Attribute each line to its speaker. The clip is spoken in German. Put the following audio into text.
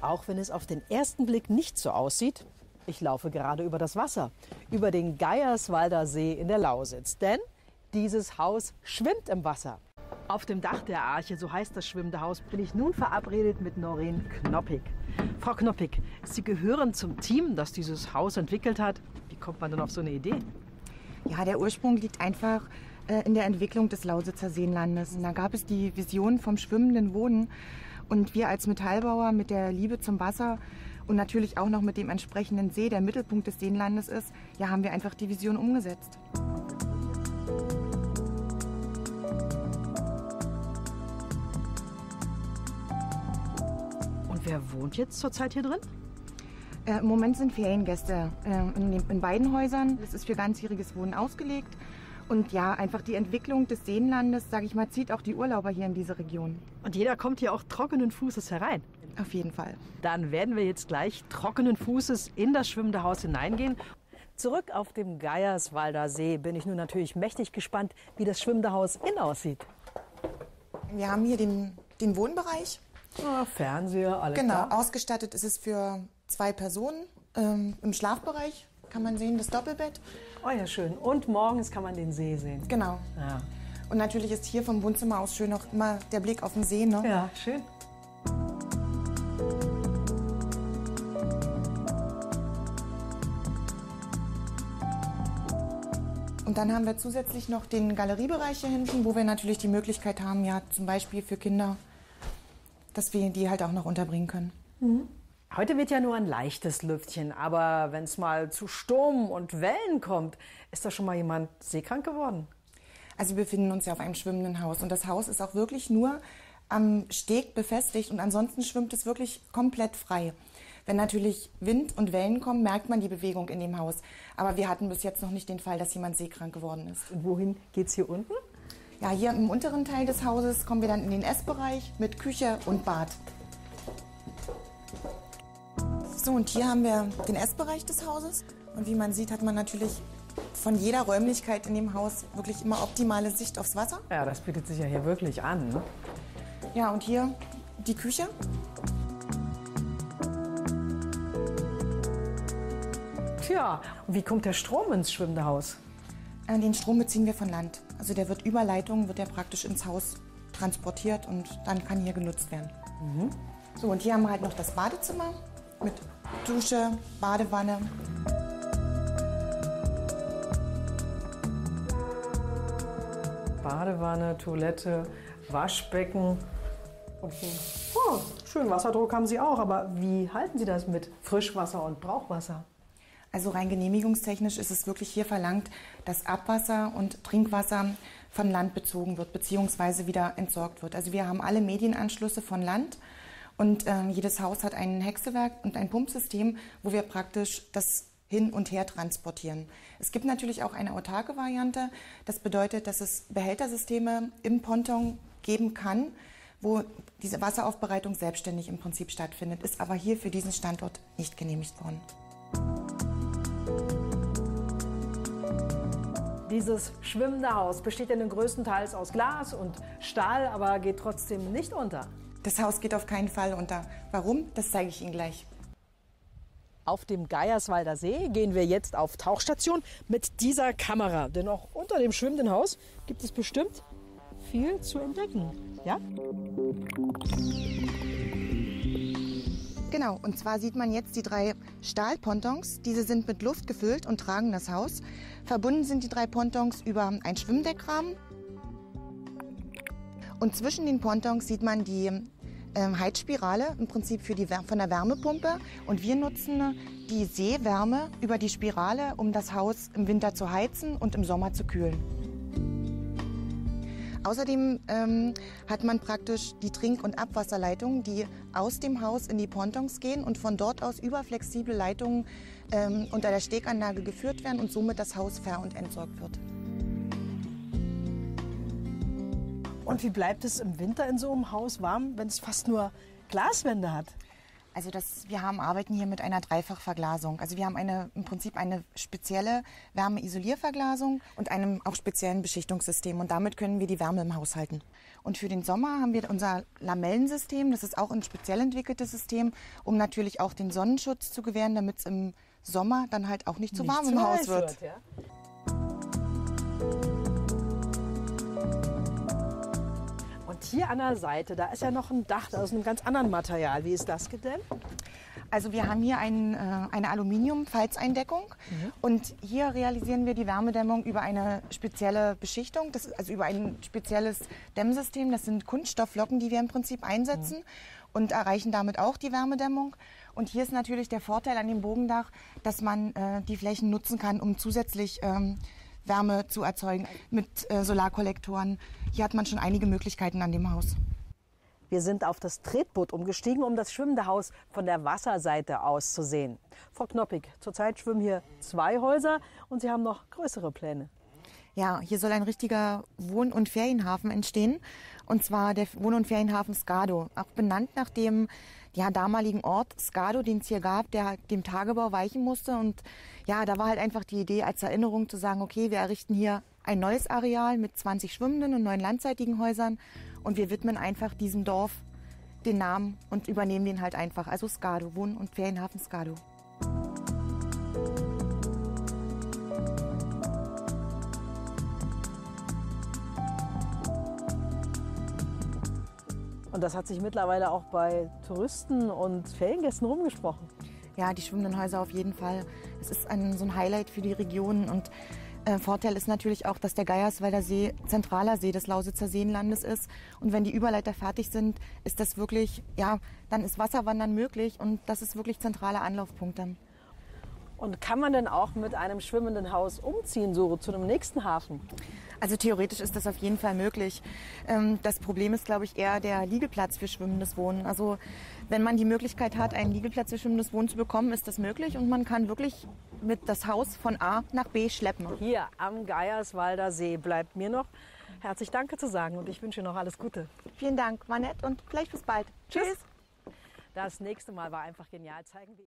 Speaker 1: Auch wenn es auf den ersten Blick nicht so aussieht, ich laufe gerade über das Wasser, über den Geierswalder See in der Lausitz. Denn dieses Haus schwimmt im Wasser. Auf dem Dach der Arche, so heißt das schwimmende Haus, bin ich nun verabredet mit Noreen Knoppig. Frau Knoppig, Sie gehören zum Team, das dieses Haus entwickelt hat. Wie kommt man denn auf so eine Idee?
Speaker 2: Ja, der Ursprung liegt einfach äh, in der Entwicklung des Lausitzer Seenlandes. Und da gab es die Vision vom schwimmenden Wohnen und wir als Metallbauer mit der Liebe zum Wasser und natürlich auch noch mit dem entsprechenden See, der Mittelpunkt des Seenlandes ist, ja, haben wir einfach die Vision umgesetzt.
Speaker 1: Und wer wohnt
Speaker 2: jetzt zurzeit hier drin? Äh, Im Moment sind Feriengäste äh, in, den, in beiden Häusern. Es ist für ganzjähriges Wohnen ausgelegt. Und ja, einfach die Entwicklung des Seenlandes, sage ich mal, zieht auch die Urlauber hier in diese Region. Und jeder kommt hier
Speaker 1: auch trockenen Fußes herein. Auf jeden Fall. Dann werden wir jetzt gleich trockenen Fußes in das schwimmende Haus hineingehen. Zurück auf dem Geierswalder See bin ich nun natürlich mächtig
Speaker 2: gespannt, wie das schwimmende Haus innen aussieht. Wir haben hier den, den Wohnbereich. Ja, ah, Fernseher, alles Genau, klar. ausgestattet ist es für zwei Personen ähm, im Schlafbereich kann man sehen, das Doppelbett. Oh ja, schön. Und morgens kann man den See sehen. Genau. Ja. Und natürlich ist hier vom Wohnzimmer aus schön auch immer der Blick auf den See. Ne? Ja, schön. Und dann haben wir zusätzlich noch den Galeriebereich hier hinten, wo wir natürlich die Möglichkeit haben, ja zum Beispiel für Kinder, dass wir die halt auch noch unterbringen können. Mhm.
Speaker 1: Heute wird ja nur ein leichtes Lüftchen, aber wenn es mal zu Sturm und Wellen kommt, ist da schon mal jemand seekrank geworden?
Speaker 2: Also wir befinden uns ja auf einem schwimmenden Haus und das Haus ist auch wirklich nur am Steg befestigt und ansonsten schwimmt es wirklich komplett frei. Wenn natürlich Wind und Wellen kommen, merkt man die Bewegung in dem Haus. Aber wir hatten bis jetzt noch nicht den Fall, dass jemand seekrank geworden ist. Und wohin geht es hier unten? Ja, hier im unteren Teil des Hauses kommen wir dann in den Essbereich mit Küche und Bad. So, und hier haben wir den Essbereich des Hauses. Und wie man sieht, hat man natürlich von jeder Räumlichkeit in dem Haus wirklich immer optimale Sicht aufs Wasser. Ja, das bietet sich ja hier wirklich an. Ne? Ja, und hier die Küche. Tja, wie kommt der Strom ins schwimmende Haus? Äh, den Strom beziehen wir von Land. Also der wird über Leitungen, wird der praktisch ins Haus transportiert und dann kann hier genutzt werden. Mhm. So, und hier haben wir halt noch das Badezimmer mit Dusche, Badewanne.
Speaker 1: Badewanne, Toilette, Waschbecken. Okay.
Speaker 2: Oh, schön, Wasserdruck haben Sie auch, aber wie halten Sie das mit Frischwasser und Brauchwasser? Also rein genehmigungstechnisch ist es wirklich hier verlangt, dass Abwasser und Trinkwasser von Land bezogen wird bzw. wieder entsorgt wird. Also wir haben alle Medienanschlüsse von Land. Und ähm, jedes Haus hat ein Hexewerk und ein Pumpsystem, wo wir praktisch das hin und her transportieren. Es gibt natürlich auch eine autarke Variante. Das bedeutet, dass es Behältersysteme im Ponton geben kann, wo diese Wasseraufbereitung selbstständig im Prinzip stattfindet, ist aber hier für diesen Standort nicht genehmigt worden.
Speaker 1: Dieses schwimmende Haus besteht ja größtenteils aus Glas und Stahl, aber geht trotzdem nicht unter. Das
Speaker 2: Haus geht auf keinen Fall unter. Warum? Das zeige ich Ihnen gleich.
Speaker 1: Auf dem Geierswalder See gehen wir jetzt auf Tauchstation mit dieser Kamera. Denn auch unter dem schwimmenden
Speaker 2: Haus gibt es bestimmt viel zu entdecken. Ja? Genau, und zwar sieht man jetzt die drei Stahlpontons. Diese sind mit Luft gefüllt und tragen das Haus. Verbunden sind die drei Pontons über ein Schwimmdeckrahmen und zwischen den Pontons sieht man die ähm, Heizspirale im Prinzip für die, von der Wärmepumpe. Und wir nutzen die Seewärme über die Spirale, um das Haus im Winter zu heizen und im Sommer zu kühlen. Außerdem ähm, hat man praktisch die Trink- und Abwasserleitungen, die aus dem Haus in die Pontons gehen und von dort aus über flexible Leitungen ähm, unter der Steganlage geführt werden und somit das Haus ver- und entsorgt wird. Und wie bleibt es im Winter in so einem Haus warm, wenn es fast nur Glaswände hat? Also das, wir haben, arbeiten hier mit einer Dreifachverglasung. Also wir haben eine, im Prinzip eine spezielle Wärmeisolierverglasung und einem auch speziellen Beschichtungssystem. Und damit können wir die Wärme im Haus halten. Und für den Sommer haben wir unser Lamellensystem. Das ist auch ein speziell entwickeltes System, um natürlich auch den Sonnenschutz zu gewähren, damit es im Sommer dann halt auch nicht zu so warm im Haus wird.
Speaker 1: wird ja? Und hier an der Seite, da ist ja noch ein Dach, aus einem ganz anderen Material. Wie ist das gedämmt?
Speaker 2: Also wir haben hier ein, äh, eine Aluminium-Falzeindeckung mhm. und hier realisieren wir die Wärmedämmung über eine spezielle Beschichtung, das ist also über ein spezielles Dämmsystem. Das sind Kunststofflocken, die wir im Prinzip einsetzen mhm. und erreichen damit auch die Wärmedämmung. Und hier ist natürlich der Vorteil an dem Bogendach, dass man äh, die Flächen nutzen kann, um zusätzlich ähm, Wärme zu erzeugen mit äh, Solarkollektoren. Hier hat man schon einige Möglichkeiten an dem Haus. Wir sind auf
Speaker 1: das Tretboot umgestiegen, um das schwimmende Haus von der Wasserseite aus zu sehen. Frau Knoppig, zurzeit schwimmen hier zwei Häuser und Sie haben noch größere Pläne.
Speaker 2: Ja, hier soll ein richtiger Wohn- und Ferienhafen entstehen. Und zwar der Wohn- und Ferienhafen Skado. Auch benannt nach dem ja, damaligen Ort Skado, den es hier gab, der dem Tagebau weichen musste. Und ja, da war halt einfach die Idee als Erinnerung zu sagen, okay, wir errichten hier ein neues Areal mit 20 schwimmenden und neun landseitigen Häusern. Und wir widmen einfach diesem Dorf den Namen und übernehmen den halt einfach. Also Skado, Wohn- und Ferienhafen Skado.
Speaker 1: Und das hat sich mittlerweile
Speaker 2: auch bei Touristen und Feriengästen rumgesprochen. Ja, die schwimmenden Häuser auf jeden Fall. Es ist ein, so ein Highlight für die Region und äh, Vorteil ist natürlich auch, dass der Geierswalder See zentraler See des Lausitzer Seenlandes ist. Und wenn die Überleiter fertig sind, ist das wirklich, ja, dann ist Wasserwandern möglich und das ist wirklich zentraler Anlaufpunkt dann.
Speaker 1: Und kann man denn auch mit einem schwimmenden Haus umziehen, so zu einem nächsten Hafen? Also
Speaker 2: theoretisch ist das auf jeden Fall möglich. Ähm, das Problem ist, glaube ich, eher der Liegeplatz für schwimmendes Wohnen. Also wenn man die Möglichkeit hat, einen Liegeplatz für schwimmendes Wohnen zu bekommen, ist das möglich und man kann wirklich mit das Haus von A nach B schleppen.
Speaker 1: Hier am Geierswalder See bleibt mir noch herzlich Danke zu sagen und ich wünsche Ihnen noch alles Gute. Vielen Dank, war nett und vielleicht bis bald. Tschüss. Tschüss. Das nächste Mal war einfach genial. Zeigen wir